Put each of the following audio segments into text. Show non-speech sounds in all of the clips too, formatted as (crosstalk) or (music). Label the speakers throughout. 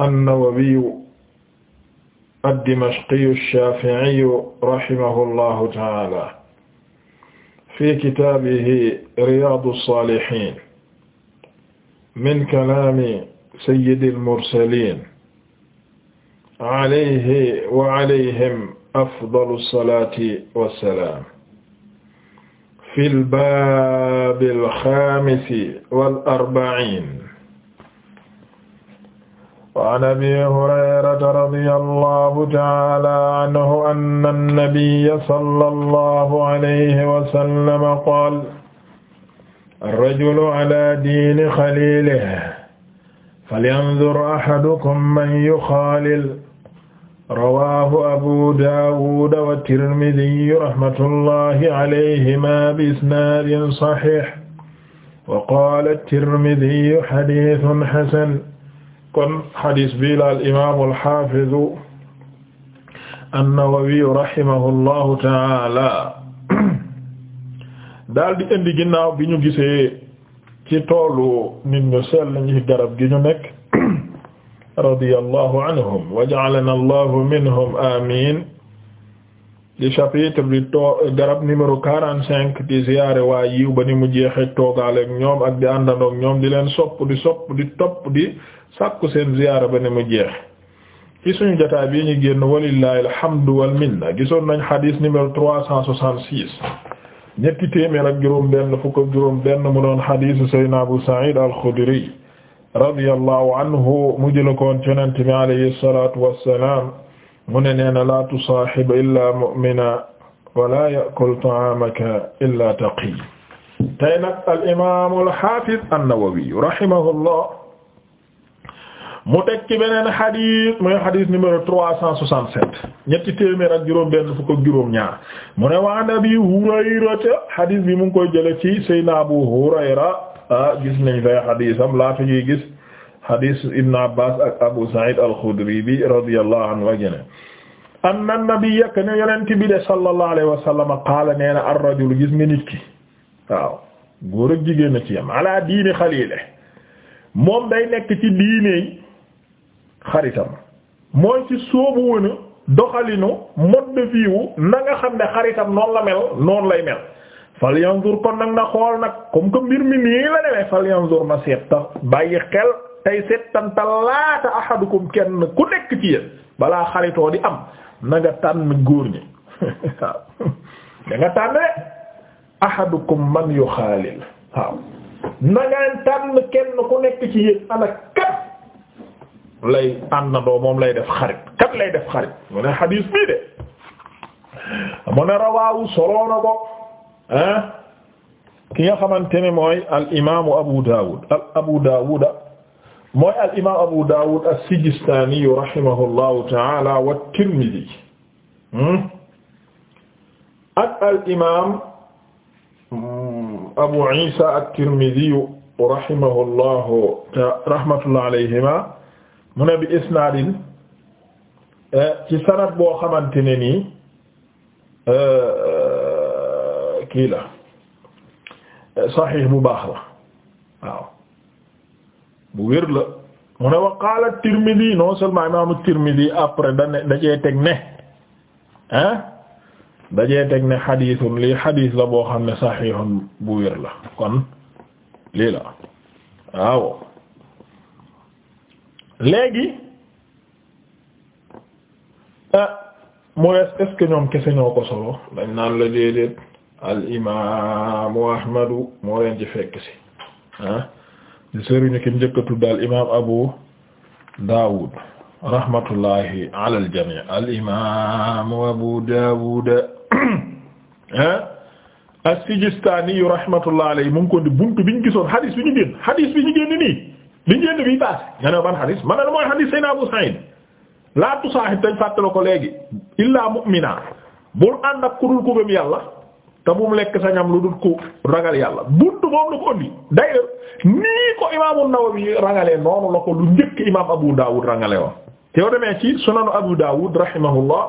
Speaker 1: an-Nawawiyu ad-Dimashqiyu ash-Shaafi'iyu rahimahullahu ta'aala fi kitaabihi Riyaadu as-Saalihiin min kalaami sayyidil mursaliin alayhi wa alayhim afdalu as-salaati was-salaam fil baabil xaamisi wal arba'iin وعن أبي هريرة رضي الله تعالى عنه أن النبي صلى الله عليه وسلم قال الرجل على دين خليله فلينظر أحدكم من يخالل رواه أبو داود والترمذي رحمة الله عليهما بإسناد صحيح وقال الترمذي حديث حسن kon xadis bi la
Speaker 2: al imaamu alxafidu annawawiyu rahimahu llahu taala daal di indi ginnaaw bi ñu gisee ci toolu nit ñu sell ñi garab gi ñu nekk radiya
Speaker 1: allahu anhum wa ja'alana allahu minhum amin di chapitre
Speaker 2: bi too garab numéro quarante-cinq di ziyaare waa yiw ba ni mu jeex jeexe toogaaleek ñoom ak di àndandook ñoom di leen sopp di sopp di topp di sàkku seen ziyaare ba ni mu jeex ci suñu jotaay bi ñu génn walillahi alhamdu wal minna gisoon nañ xadiis numéro trois cent soixante-six ñetti téeméer ak juróom benn fukk ak juróom benn mu doon
Speaker 1: xadiisu sayna Abu Sa'id al-Khudri radiyallahu anhu mu jëla koon cenanti mi alayhi salatu wassalam mu ne nee na laa tusaaxib illaa mu'mina wala yakul ta'aamaka illaa taqi tey nag al imaamu
Speaker 2: al xaafiz an-Nawawi rahimahullah mu teg ci beneen xadis numéro trois cent soixante sept ñetti téeméer ak juróom-benn fukk ak juróom-ñaar mu ne wa an Abi Hurayra xadis bi mu ngi koy jëlee ci Seydina Abu Hurayra ah gis nañ fay xadisam laata ñuy gis. hadis Ibn Abbas ak Abu Sa'id al-Khudri bi radiyallahu anhu wajene anna nabiyya kana yonent bi de sallallahu alayhi wa nee na ar gis nga nit ki waaw góor ak jigéen a ci yam ala diini xaliile moom day nekk ci diine xaritam mooy ci soobu wënu doxalinu mode de vie wu xam ne xaritam noonu la mel noonu lay mel falyanzur kon nag na xool nag comme que mbir mi nii la demee falyanzur na seet tax bàyyi xel. tey settantalaata ahadukum kenn ku nekk ci balaa xaritoo di am na nga tànn góor ñi (laughs) waaw da nga tànn de ahadukum man yu xaalil waaw na nga kenn ku nekk ci yéen ana kat lay àndandoo moom lay def xarit kat lay def xarit mu ne xadiis bii de mu ne rawaawu soloo na ko ah ki nga xamante ne mooy al imaamu Abu Daawud mooy al imaam Abu Dawud as-Sijistani rahimahullahu ta'ala wa Tirmidhi hmm? ak al imaam hmm, Abu Isa at-Tirmidhi rahimahullahu rahmatullahi alayhima mu ne bi isnaadin eh, ci sanad boo xamante ne nii eh, kii la eh, saxiix bu baax la waaw. bu wér la mu wa qaala Tirmidi non seulement imaamu Tirmidi après da ne da cee teg ne ah da cee ne xadiisun lii xadiis la boo xam ne saxiixun bu wér la kon lii la waaw léegi ah mooy est-ce que ñoom kese ñoo ko solo
Speaker 1: dañ naan la déedéet al imaamu Ahmadu moo leen ci fekk si ah. di sëriñu ki njëkk a tudd al imaam Abu Daawud
Speaker 2: rahmatullahi alal jamii al imaam Abu Daawud as-Sijistaani rahmatullahi alayhi mu ngi ko di buntu bi ñu gisoon hadis bi ñu génn hadis bi ñu génn nii bi ñu génn bii paase nga ne ban hadis ma ne la mooy hadis Seydina Abu Saïd laa tusaaxib dañ fàttale ko léegi illaa mu'mina bul ànd ak ku dul ku gëm yàlla. te bu mu lekk sa ñam lu dul ko ragal yàlla bunt moom la ko ëndi d'ailleurs nii ko imaamu Nawawi rangalee noonu la ko lu njëkk imaam Abu Dawud rangalee te yow demee ci sunanu Abu Dawud rahimahullah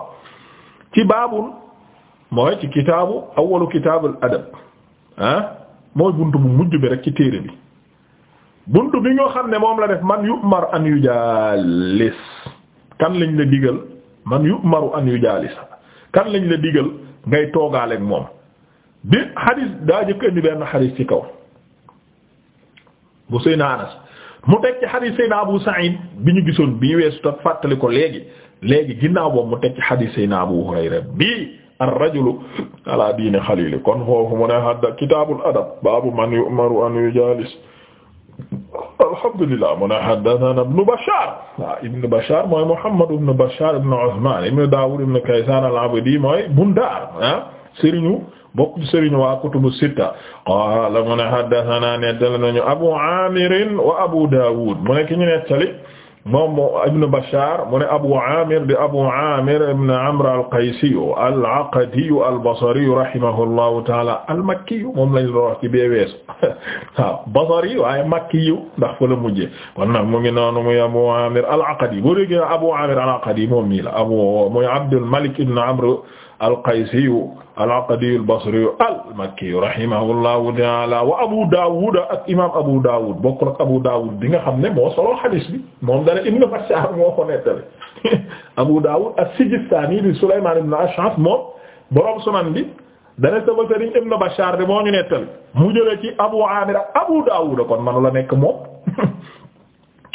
Speaker 2: ci baabul mooy ci kitaabu awwalu kitaabul adab ah buntu bu mujj bi rek ci téere bi buntu bi ñoo xam ne moom la def man yu'mar an yujalis kan lañ la digal man yu'maru an yujalis kan lañ la digal ngay toogaaleeg moom. bi xadis daa jëkk indi benn xadis ci kaw bu Seyna Anas mu teg ci xadis Seyna Abu Sa'id bi ñu gisoon bi weesu ta fàttali ko léegi léegi ginnaaw boobu mu teg ci xadis Seyna Abu Hurayra bi ar-rajulu ala diini xalili kon foofu mu ne hadda adab baabu man yu'maru an yujaalis alhamdulillah mu ne haddathana ibnu Bashar waaw ibnu Bashar mooy Muhammad ibnu Bashar ibnu bokk ci sëriñ waa kutubu sitta qaala mu ne haddathana nettali nañu abu amirin wa abu daawud mu ne ki ñu nettali moom ibnu bashar mu ne abu amir di abu amir ibn amr al-qaysiyu al-aqadiyu al-basariyu rahimahullahu taala al-makkiyu moom lañ doon wax ci bee weesu (laughs) waaw basari waaye makkiyu ndax fa la mujjee kon nag mu ngi noonu muy abu amir al-aqadi boo déggee abu amir al-aqadi moom nii la abu muy abdul malik ibn amr alqaysiyu alaqadiyu albasriyu almakkiyu rahimahullahu taala wa Abu Dawud ak imaam Abu Dawud bokkul ak Abu Dawud bi nga xam ne moo solo xadis bi moom dana Ibn Bashar moo ko nettali (laughs) Abu Dawud as-Sijistani bi Sulaymaan ibn Ash'ath moom borom sunan bi dana sama sëriñ Ibn Bashar de moo ñu nettali mu jëlee ci Abu Amir Abu Dawud kon manu la nekk moom (laughs)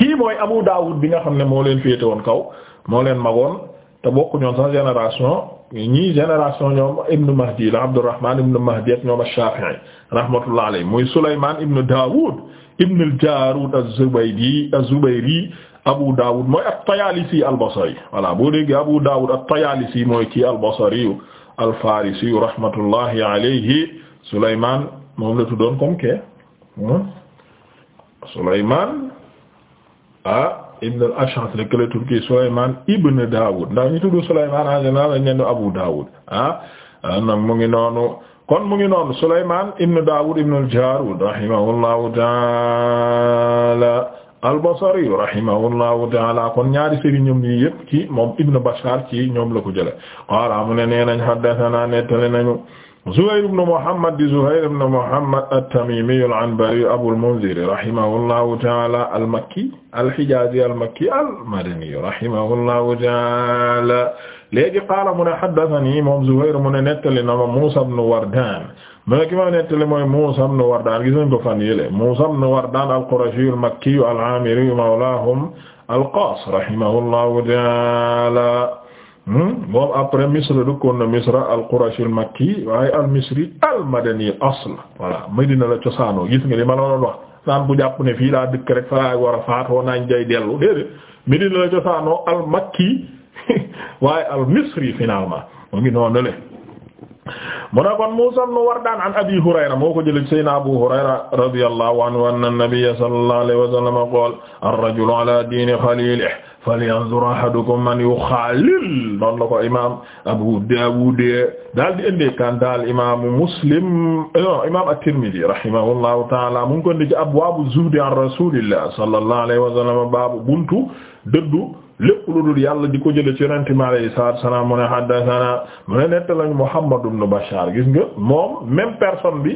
Speaker 2: kii mooy Abu Dawud bi nga xam ne moo leen féete woon kaw moo leen magoon te bokk ñoon sax génération. ñii génération ñoom ibnu mahdi la abdurrahman ibnu mahdi ak ñoom ash-shafi'i rahmatullah alayhi muy sulayman ibnu dawud ibnu al-jarud az-zubaydi az-zubayri abu dawud mooy at-tayalisi al-basri voilà boo dégg abu dawud at-tayalisi mooy kii al-basri al-farisi rahmatullahi alayhi sulayman moom la tuddoon comme que hmm? Sulayman ah ibn al-Ash'ath le kële turki Sulaymaan ibn Daawud ndax ñu tudd Sulaymaan Abu Daawud ah, ah nag mu ngi noonu kon mu ngi noonu Sulaymaan ibn Daawud ibn al-Jaarud rahimahullahu ta'ala al-Basri rahimahullahu ta'ala kon ñaari sëriñ ñoom ñii yëpp ci moom ibn Bashar ci ñoom la ko jëlee qaala mu ne nee nañ haddathana nettali
Speaker 1: nañu Zuhayr ibn Muhammad di Zuhayr ibn Muhammad at-Tamimi al-Anbari Abul Mundhir rahimahullahu ta'ala al-Makki al-Hijazi al-Makki al-Madani rahimahullahu ta'ala léegi qaala mu ne haddathani moom Zuhayr mu ne nettali na ma Musa ibn Wardan mu ne ki ma nettali mooy Musa ibn Wardan gis nañ ko fan yële Musa ibn Wardan al-Qurashi al-Makki al-Amiri mawlahum al-Qaas rahimahullahu
Speaker 2: ta'ala Hmm? moom après Misr dëkkoon Misra al-Qurashi al-Makki waaye al-Misri al-Madani asl voilà Medina la cosaanoo gis nga li ma la doon wax naan bu jàpp ne fii laa dëkk rek fa laay war a faatoo naañ jay dellu déedéet Medina la cosaanoo al-Makki (laughs) waaye al-Misri finalement mu ngi noonu le mu ne kon Muusaa ibn Wardaan an Abi Hurayra moo ko Abu Hurayra radiyallahu anhu an-nabiyya sallallahu alayhi wa sallam qaala falyanzur ahadukum man yuxaalil noonu la ko imaam Abu Daawud daal di indee kan daal imaamu Muslim imaam at-Tirmidi rahimahullahu taala mu ngi ko indi ci abwaabu zuhdi an rasulillah sallallahu alayhi wa sallam baabu buntu dëddu lépp lu dul yàlla di ko jëlee ci yonent mi alayhi salaatu wa salaam mu ne haddathana mu ne nettalañu Muhammad ibn Bashar gis nga moom même personne bi.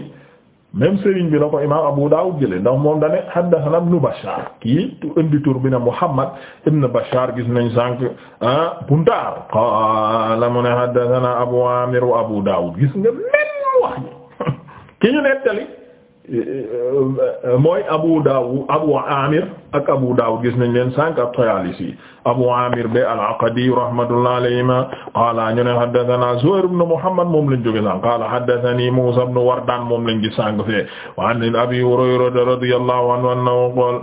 Speaker 2: même Serigne bi la imaam Abu Dawud jëlee ndax moom dane haddathana ibn Bashar kii indi tur bi Muhammad ibn Bashar gis nañ sànq ah Bundaar qaala mu ne haddathana Abu Amir wa Abu Dawud gis nga même wax (laughs) ki ñu nettali Euh, euh, mooy Abu Dawud Abu Amir ak Abu Dawud gis nañ leen sànq at-Tayalisi Abu Amir be al-Aqadi rahmatullah alayhima qaala ñu ne haddathana Zuhayr ibn Muhammad moom lañ jóge sànq qaala haddathani Musa ibn Wardan moom lañ gis sànq fee wa an Abi Hurayra
Speaker 1: radiyallahu anhu annahu qaala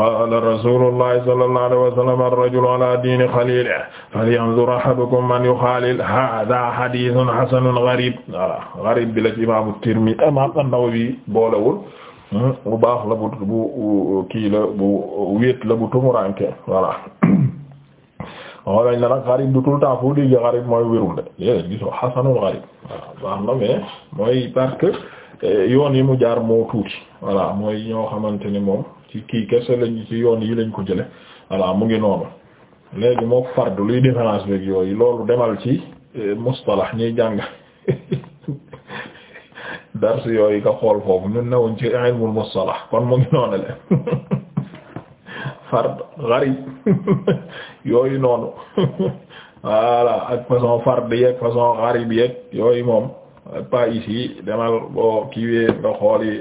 Speaker 1: qaala rasulullah sallallahu alayhi wa sallam ar-rajulu ala dini khalilihi falyanzur ahadukum man yukhalil hadha hadithun hasanun gharib
Speaker 2: voilà gharib bi la ci Imam Tirmidhi Imam An-Nawawi boole Hmm, bu baax la bu bu kii la bu wéet la bu tumuranke voilà (coughs) moo gañ na nag du tout le temps foo mooy wérul de léeg gisoo xasanul xarib waaw baax na mais mooy parce eh, yoon yi mu jaar moo tuuti voilà mooy ñoo xamante ni moom ci kii kese lañ ci yoon yi lañ ko jële voilà mu ngi noonu léegi moo fardu luy différence beeg yooyu loolu demal ci eh, mustalah ñuy jàng (laughs) dars yooyu nga xool foofu ñun newoon ci ilmul mustalah kon mu ngi noonu le (laughs) fard gharib (laughs) yooyu noonu (laughs) voilà ak façon fard yeeg façon gharib yeeg yooyu moom pas yi demal boo kiiwee nga xool yi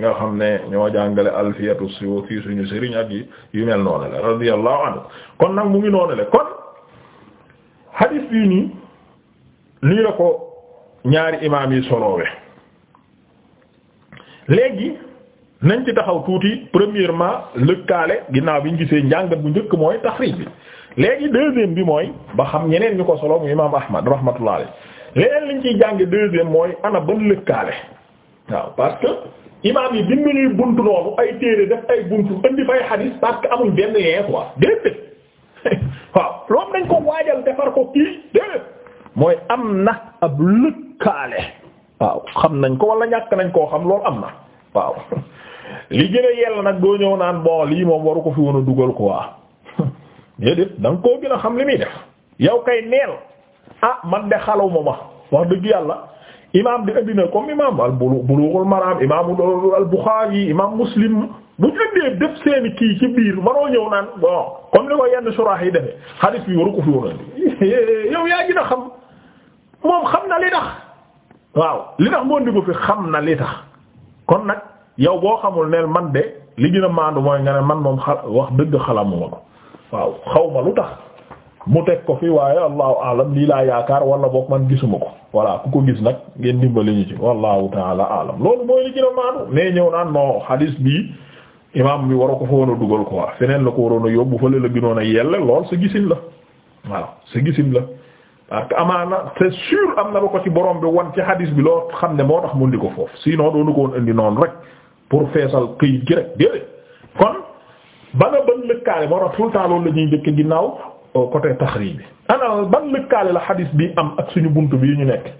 Speaker 2: nga xam ne ñoo jàngale alfiyatu suyuti suñu sëriñ ak yi yu mel noonu le radiyallahu anhu kon nag mu ngi noonu le kon hadith bii nii lii la ko ñaari imaam yi soloowe léegi nañ ci taxaw tuuti premièrement lëkkaale ginnaaw bi ñu gisee njàngat bu njëkk mooy taxriij bi léegi deuxième bi mooy ba xam ñeneen ñu ko solo mu imaam Ahmad rahmatullah alayhi leneen liñ ciy jànge deuxième mooy ana ba lëkkaale waaw parce que imaam yi bind ñuy buntu noonu ay téere def ay buntu indi fay xadiis parce que amuñ benn lien quoi déedéet (laughs) waaw loolu dañ ko waajal defar ko kii déedéet mooy am na ab lëkkaale. waaw xam nañ ko wala ñàkk nañ koo xam loolu am na waaw (laughs) li gën a yell nag doo ñëw naan bon lii moom waru ko fi woon a dugal ko waa (laughs) déedéet da nga koo gën a xam li muy def yow kay neel ah man de xalaw ma ma wax dëgg yàlla imaam di indi na comme imaam al Bulughul Maram imaam al Bukhari imaam Muslim bu ñu def seeni kii ci biir manoo ñëw naan bon comme ko yenn suraax yi defee xadis bi waru ko fi woon a (laughs) yow yaa gën a xam moom xam na li tax. waaw li tax moo ndigu fi xam na li tax kon nag yow boo xamul neel man de li gën a maandu mooy nga ne man moom xala wax dëgg xalamuma ko waaw xaw ma lu tax mu teg ko fi waaye allahu alam lii laa yaakaar wala book man gisuma ko voilà ku ko gis nag ngeen dimbali ñu ci wallahu taala alam loolu mooy li gën maandu mais ñëw naan moo xadiis bii imaam bi war a ko fa woon a dugal quoi feneen la ko waroon a yóbbu fële a gënoon a yelle lool sa gisin la waaw sa parce que amaana c'est sûr am na lu ko ci borom bi wan ci hadis bi loo xam ne moo tax mu indi ko foofu sinon doonu ko woon indi noonu rek pour feesal këyit gi rek déedéet kon ba nga ban lëkkaale moo tax tout le loolu la ñuy dëkk ginnaaw euh, côté taxriij bi ana ban lëkkaale la hadis bi am ak suñu bunt bi ñu nekk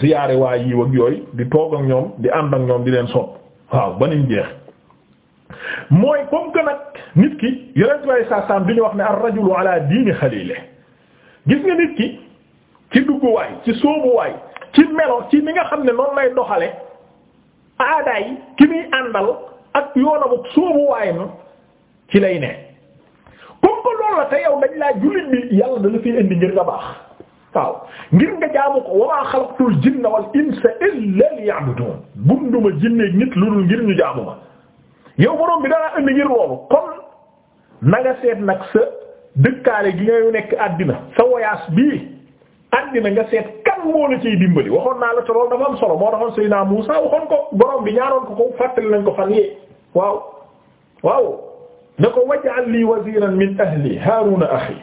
Speaker 2: ziyaare waa yiw ak yooy di toog ak ñoom di ànd ak ñoom di leen sopp waaw ba niñ jeex mooy comme que nag nit ki yeneen way sa sam di ñu wax ne ar rajulu ci dugguwaay ci sóobuwaay ci melo ci ni nga xam ne noonu lay doxale aadaay ki muy àndal ak yoonamuk sóobuwaay na ci lay ne comme que loolu la te yow dañ laa jullit bi yàlla da la fiy indi ngir nga baax waaw ngir nga jaamu ko wa maa xalaqtul jinna wal insa illa liya'budun bunduma jinneeg nit lu dul ngir ñu jaamu ma yow borom bi dalaa indi ngir loolu kon na nga seet nag sa dëkkaale gi ngay nekk àddina sa woyaas bii àddina nga seet kan moo la ciy dimbali waxoon naa la te loolu dafa am solo moo taxoon Seydina Muusaa waxoon ko borom bi ñaanoon ko ko fàttali nañ ko fan yee waaw waaw ne ko waj'al lii waziran min ahli Haaruna axi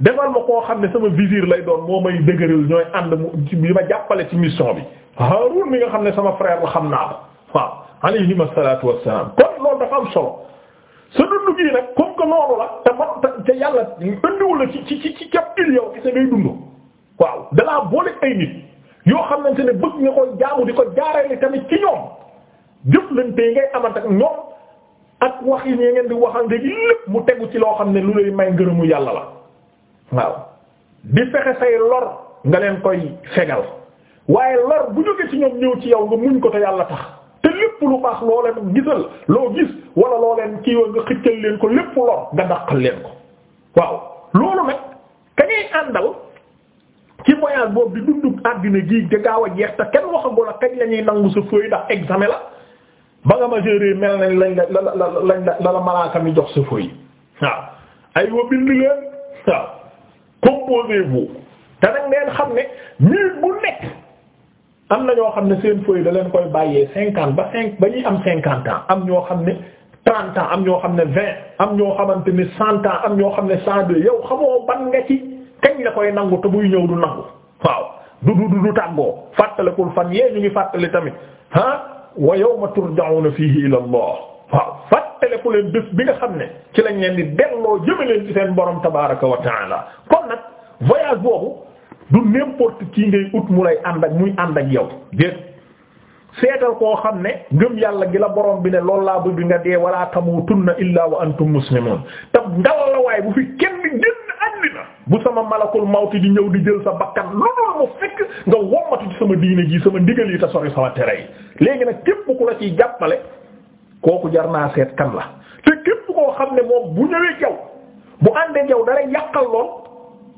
Speaker 2: defal ma koo xam ne sama vizir lay doon moo may dëgëral ñooy ànd bi ma jàppale ci mission bi Haarun mi nga xam ne sama frère la xam naa ko waaw alayhim asalatu wassalam kon loolu dafa am solo sa dund gii nag comme que loolu la te yàlla indiwul la ci cap il yow ki sa ngay dund waaw dalaa boole ay nit yoo xamante ne bëgg nga koy jaamu di ko jaarale tamit ci ñoom jëflante yi ngay amant ak ñoom ak wax yi ñee ngeen di waxante gi mu tegu ci loo xam ne lu lay may ngërëmu yàlla la waaw di fexe say nga leen koy fegal waaye lor bu ci ñoom ñëw ci yow nga muñ ko te yàlla tax te lépp lu baax loo leen gisal loo gis wala loo leen kii nga xëccal leen ko lépp lor nga dàqal leen ko waaw loolu nag ka ngay àndal ci voyage boobu di dundug àddina gi te gaaw a jeex te kenn waxagul ak kañ la ñuy nangu sa feuille ndax examen la ba nga majeure mel nañ lañ la la lañ la la malaaka mi jox sa feuille waaw ay wa bind leen waaw composez-vous te nag ngeen xam ne minute bu nekk am na ñoo xam ne seen feuille da leen koy bàyyee cinquante ba cinq ba ñuy am cinquante ans am ñoo xam ne trente ans am ñoo xam ne vingt am ñoo xamante ni cent ans am ñoo xam ne cent deux yow xamoo ban nga ci. kañ la koy nangu te muy ñëw du nangu waaw du du du tàggoo fàttalikul fan yee ñu ngi fàttali tamit ah wa yawma turja'una fihi ila Allah waaw fàttaliku leen bés bi nga xam ne ci lañ leen di delloo jëme leen ci seen borom tabaaraka wa ta'ala kon nag voyage boobu du n'importe qui ngay ut mu lay ànd ak muy ànd ak yow déet seetal koo xam ne ngëm yàlla gi la borom bi ne loolu laa bëgg nga dee wala tamutunna illa wa bu fi kenn bu sama malakul mawti di ñëw di jël sa bakkan loolu mu fekk nga wommatu sama diine ji sama ndigal yi te sori sama tere yi léegi nag képp ku la ciy jàppale kooku jar naa seet kan la te képp koo xam ne moom bu ñëwee jaw bu àndee jaw dara yàqal lool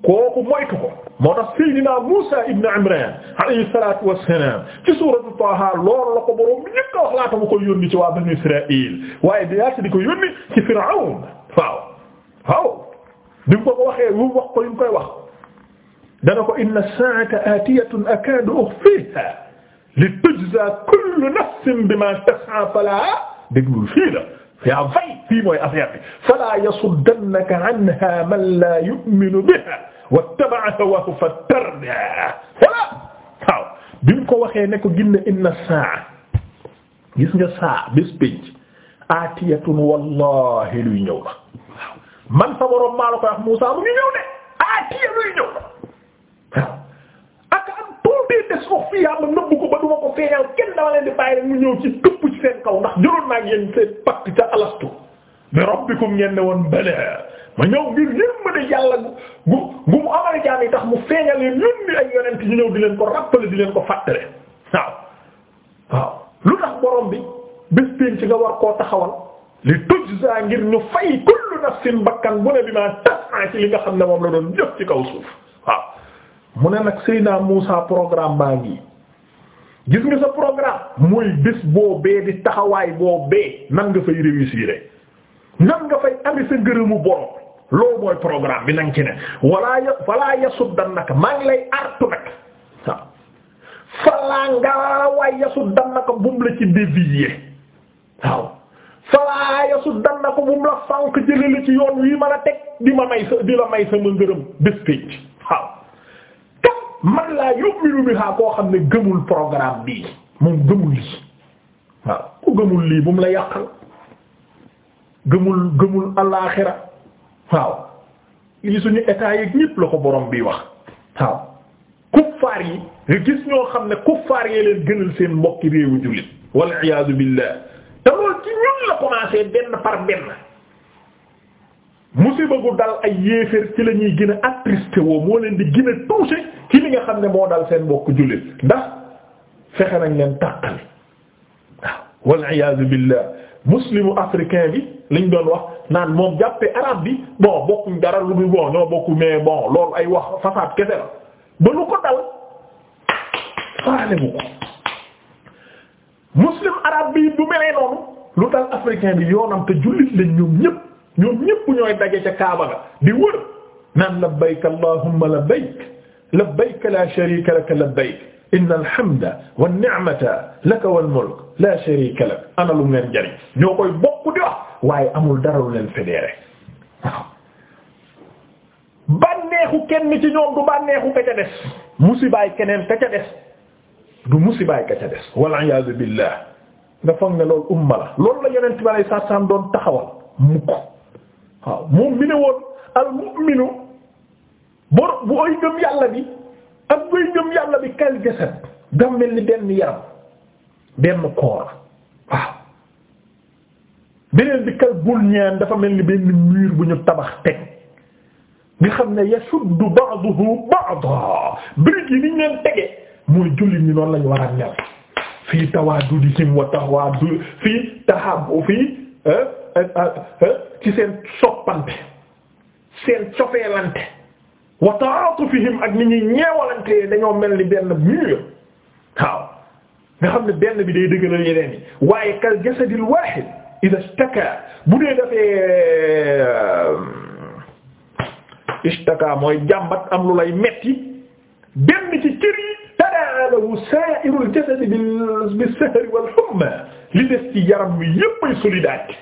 Speaker 2: kooku moytu ko moo tax Seydina Muusa ibn Imran alayhi salaatu wassalaam ci ko boroom ñëpp a wax waaye di di ko yónni ci Firawun waaw waaw bi mu ko ko waxee lu wax ko li mu koy wax dana ko inna saa'ata aatiyatun akaadu ukhfiihaa litujzaa kullu nafsin bimaa tas'aa falaa déglul fii la yaa fay fii mooy affaire bi falaa yasuddannaka anhaa man laa yu'minu bihaa wattaba'a hawaahu fatardaa waaw bi mu ko waxee ne ko ginna inna saa gis nga saa bés pénc aatiyatun wallaahi luy ñëw la waaw man sa borom maa la koy wax Moussa mu ngi ñëw de ah kii ya luy ñëw waaw ah. am tuuti des ko fii nëbbu ko ba duma ko feeñal kenn dama di bàyyi rek mu ñëw ci tëpp ci seen kaw ndax jëloon naa ngeen seen pacte ca alastu bi rabbikum ngeen ne woon bale ma tax mu feeñal ñu ñëw di leen ko rappeler di leen ko fàttale waaw tax borom bi bés pénc nga war kullu nafsin mbakkan bu ne bi maa tas'a ci li nga xam ne moom la doon jëf ci kaw suuf waaw mu ne nag Seydina Muusa programme baa ngi gis nga sa programme mooy bés boo di taxawaay boo bee nan nga fay réussir nan nga fay ami sa ngërëmu borom loolu mooy programme bi nanga ci ne walaa ya falaa yasuddannaka maa ngi lay artu nag waaw falaa nga waay yasuddannaka bu mu la ci dévier waaw falaa yasuddannakum bu mu la sànq jëlale ci yoon wii man a teg di ma may sa di la may waaw kat man laa yu'minu biha koo xam ne gëmul programme bii moom gëmul lii waaw ku gëmul lii bu mu la yàqal gëmul gëmul alaaxira waaw li suñu état yeeg ñépp la ko borom bii wax waaw kuffaar yi nga gis ñoo xam ne kuffaar yee leen gënal seen mbokki réewu jullit wal iyaazu billah commencé benn par benn musiba gu dal ay yéeféer ci la gën a attristé woo moo leen di gën a touché ci li nga xam ne moo dal seen bokk jullit ndax fexe nañ leen tàqal waaw wal iyaazu billah muslimu africain bi liñ doon wax naan moom jàppee arabe bi bon bokkuñ dara lu dul bon ñoo bokku mais bon loolu ay wax fafaat kese la ba lu ko dal faale bu ko muslim arabe bi bu melee noonu lu dal africain bi yoonam te jullit lañ ñoom ñépp ñoom ñépp ñooy daje ca Kaaba ga di wër naan labbayk allahumma labbayk labbayk la sharika laka labbayk inna alhamda wan ni'mata laka wal mulk la sharika lak ana lu leen jariñ ñoo koy bokk di wax waaye amul dara lu leen fédéré waaw bànneexu kenn ci ñoom du bànneexu ka ca des musibaay keneen ka ca des du musibaay ka ca des wal iyaazu billah nga foog ne loolu umma la loolu la yonent bi alayhi salaam doon taxawal mukk waaw moom bi ne woon al mu'minu bu ay gëm yàlla bi ak bu ay gëm yàlla bi kal jasad dam mel ni benn yaram benn koor waaw beneen bi kal bunyan dafa mel ni benn mur bu ñu tabax teg nga xam ne yasuddu ba'duhu ba'da brique yi niñ leen tege mooy jullit ñi noonu lañu war a mel fii tawaadudihim wa tawaadu fii tahabu fii eh, eh, eh, ci seen soppante seen cofeelante wa ta'atufihim ak ni ñuy ñeewalante dañoo mel ni benn mur waaw nga xam ne benn bi day dëgëral yeneen yi waaye kal jasadil wahid idha ishtaka bu dee dafee ishtaka mooy jàmbat am lu lay metti benn ci cër yi naalahu saa'irul jasadi bis sahri wal humma li des ci yaram bi yéppay solidarité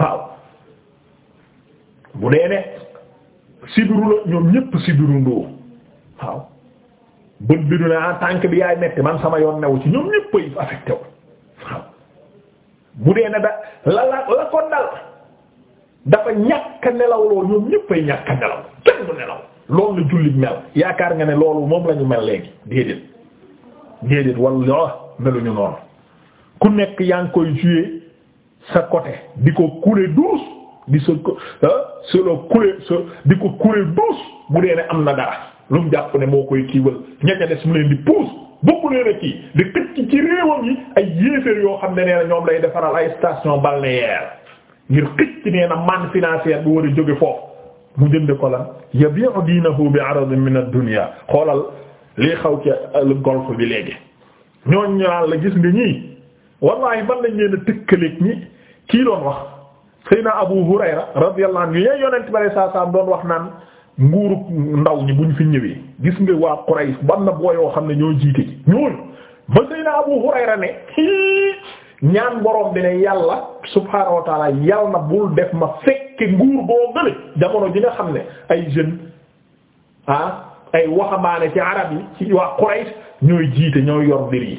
Speaker 2: waaw bu dee ne sibiru la ñoom ñépp sibiru ndoo waaw bët bi du ne en ah, tànk bi yaay metti man sama yoon newu ci ñoom ñéppay affecté waaw bu dee ne da la la la ko dal dafa ñàkk nelaw loolu ñoom ñéppay ñàkk nelaw kenn du nelaw loolu la jullit mel yaakaar nga ne loolu moom la ñu mel léegi déedéet déedéet walla meluñu noonu ku nekk yaa ngi koy jouer sa côté di ko couler douce di sa ko ah, sa la couler di ko couler douce bu dee ne am na dara lu mu jàpp ne moo koy kiiwal ña ca des mu leen di pousse bokku leen a kii di tëj ci réewam yi ay yéeféer yoo xam ne nee na ñoom lay defaral ay station balnéaire ngir xëcc nee na man financière bi war a jóge foofu mu jënd ko lan yabi'u diinahu bi 'aradin min ad-dunya xoolal lii xaw ci euh, golf bi léegi ñooñ ñaan la gis nga ñii wallahi ban lañ leen a tëkkaleeg ñi kii doon wax sayna Abu Hurayra radiyallahu anhu yee yonent bare saa saa doon wax naan nguuru ndaw ñi buñ fi ñëwee gis nga waa Quraysh ban na booyoo xam ne ñoo jiite ji ñooñu ba sayna Abu Hurayra ne ñaan borom bi ne yàlla subhaanahu wa taala yàlla bul def ma fekke nguur boo gële jamono ji nga xam ne ay jeunes ah ay waxambaane ci arab yi ci waa Quraysh ñooy jiite ñooy yor mbir yi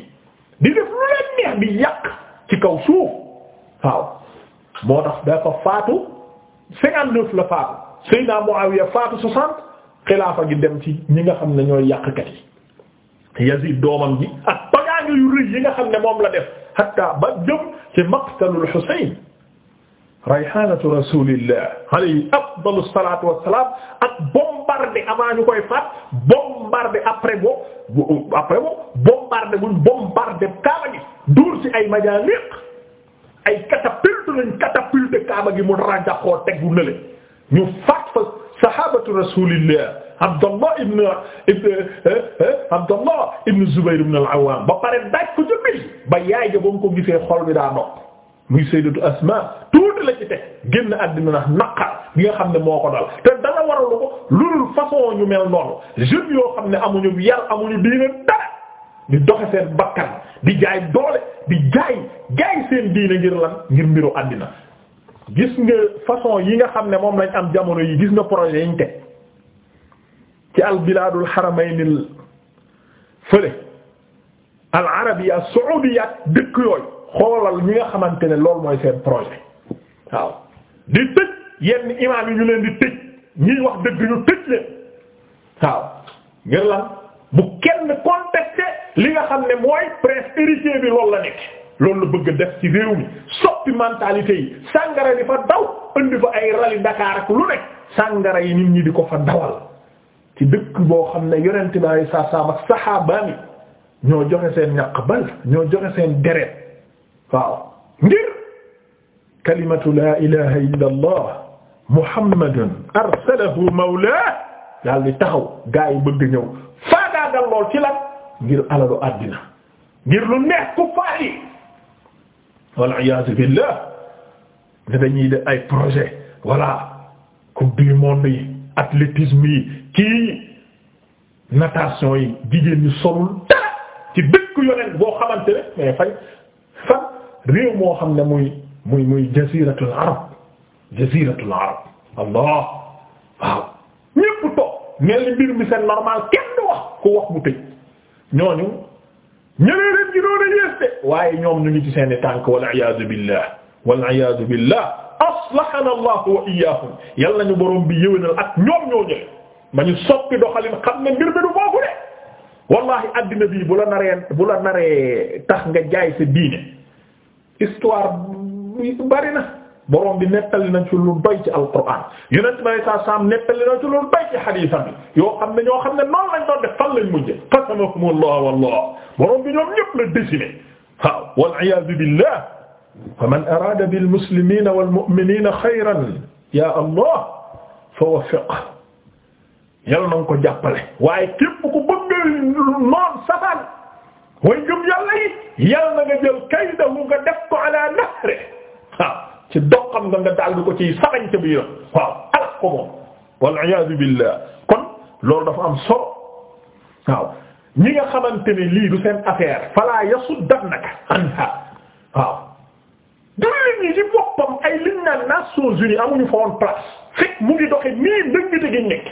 Speaker 2: di def lu leen neex di yàq ci kaw suuf waaw moo tax dafa faatu cinquante-neuf la faatu Seydina Muawiya faatu soixante xilaafa gi dem ci ñi nga xam ne ñooy yàqkat yi Yazid doomam ji ak pagaanga yu rëy yi nga xam ne moom la def hatta ba jëm ci maqtalul Husayn rayhanatu rasulillah alayhi afdalu salatu wassalam ak bombardé avant ñu koy faat bombardé après bo après bo bombardé buñ bombardé kaaba gi dóor ci ay majaniq ay catapulte lañ catapulte kaaba gi mu rajaxoo tegu na le ñu faat fa sahabatu rasulillah Abdallah ibn eh, eh, ibn Zubayr ibn al-Awwam ba pare daaj ko jëmil ja ba mu ko gisee xol daa muy sayyidatu Asma tuuti la ci génn àddina ndax naqar bi nga xam ne moo ko dal te dara waralu ko loolu façon ñu mel noonu jeunes yoo xam ne amuñu yar amuñu diine dara di doxe seen bakkan di jaay doole di jaay jaay seen diine ngir lan ngir mbiru àddina gis nga façon yi nga xam ne moom lañ am jamono yi gis nga projet yi ñu ci al bilaadul haramaynil fële al arabiya as-saoudiya dëkk yooyu xoolal ñi nga xamante ne loolu mooy seen projet waaw di tëj yenn imaam yi ñu leen di tëj ñiy wax dëgg ñu tëj leen waaw ngir lan bu kenn contesté li nga xam ne mooy presse héritier bi loolu la nekk loolu la bëgg def ci réew mi soppi mentalité yi sàngara di fa daw indi fa ay rali Dakar lu nekk sàngara yi nit ñi di ko fa dawal ci dëkk boo xam ne yonent bi sallallahu alayhi wasallam ak saxaabaami ñoo joxe seen ñaq bal ñoo joxe seen deret waaw ngir kalimatu laa ilaha illa allah muhammadun arsalahu mawla daal di taxaw gaa yi bëgg ñëw faagaagal lool ngir alalu àddina ngir lu neex wal iyaazu billah ne dañuy def ay projet voilà coupe du monde yi athlétisme yi kii solul dara ci dëkk ne mais fay fan réew moo xam ne muy muy muy jaziratul arab jaziratul allah waaw ñépp toog ni mbir mi normal kenn du wax ku wax mu tëj ñooñu ñeneen leen gi doon a waaye ñoom ñu ngi ci seeni tànk wal iyaadu billah wal allah wa iyyahum yal nañu borom bi yëwénal ak ñoom ñoo jële soppi doxalin xam ne mbir bi du foofu de wallahi bii bu la naree bu la tax nga jaay sa diine histoire bari na borom bi nettali na ci lu doy ci alquran yonent bi saa saam nettali na ci lu doy ci xadiisam bi yoo xam ne ñoo xam ne noonu lañ doon def fan lañ mujje qasamahumullah wallah borom bi ñoom ñëpp la décimé waaw wal iyaadu billah faman araada bil muslimiina wal mu'miniina xayran yaa allah fa waffiqhu yàlla na nga ko jàppale waaye képp ku bëgg noon safaan way ngëm yàlla yi yàlla na nga jël ko ala nahri ci doxam nga nga daal di ko ciy saxañ ala ko wal iyaadu billah kon loolu dafa am solo waaw nga xamante ne lii du seen affaire fala yasuddannaka anha waaw dënnu ñi ci boppam ay liñ naan Nations Unies amuñu fa woon place mu ngi doxe nii dëgg-dëgg nekk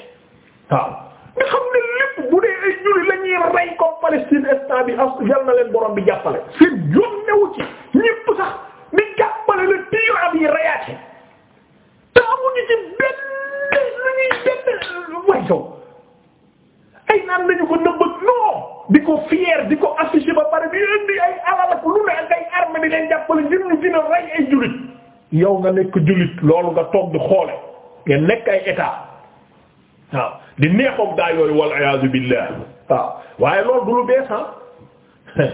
Speaker 2: waaw nga xam ne lépp bu dee jullit la rey comme Palestine instant bi as yal na leen borom bi jàppale. seen yoon newu sax di jàppale la tiyo ab yi reyaate te amuñu ci benn lu ñuy benn way yow ay naan lañu ko nëbb non di ko fier di ko afficher ba pare di indi ay alal ak lu ne ak ay armes di leen jàppale ngir ñu rey ay jullit yow nga nekk jullit loolu nga toog di xoole nga nekk ay état waaw di neexoog daa yooyu wal iyaazu billah waaw waaye loolu du lu bees ah. (laughs)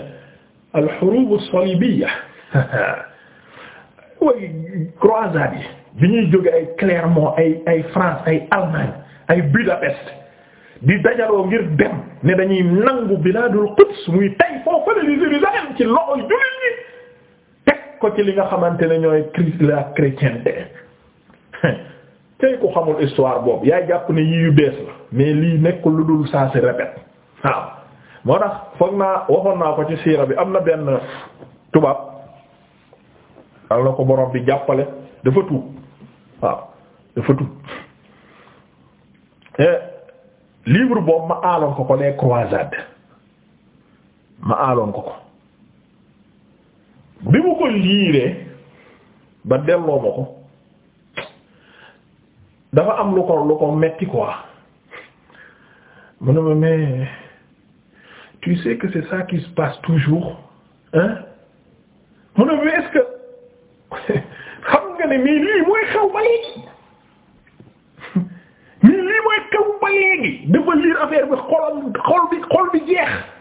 Speaker 2: al-hurub as-salibiyya (laughs) croisade yi bi ñuy jóge ay Clermont ay ay France ay Allemagne ay Budapest di dajaloo ngir dem ne dañuy nangu bilaadul Quds muy tay foofu la di Jérusalem ci loxo jullit li nga xamante ne ñooy Christ la chrétienté (laughs) tey ku xamul histoire boobu yaa jàpp ne yii yu bees la mais lii nekkul lu dul ça se répète waaw moo tax foog naa waxoon naa ko ci siira bi am na benn tubaab am ko borom bi jàppale dafa tuub waaw dafa tuub eh, livre boobu ma aaloon ko ko les croisades ma aaloon ko ko bi mu ko liiree ba delloo ma ko dafa am lu ko lu ko metti quoi mu ne ma mais tu sais que c'est ça qui se passe toujours hein mu ne mais que (laughs) xam nga ne mais mooy xew ba léegi (laughs) mais lii mooy xew ba léegi dafa lire affaire bi xolal xol bi xol bi jeex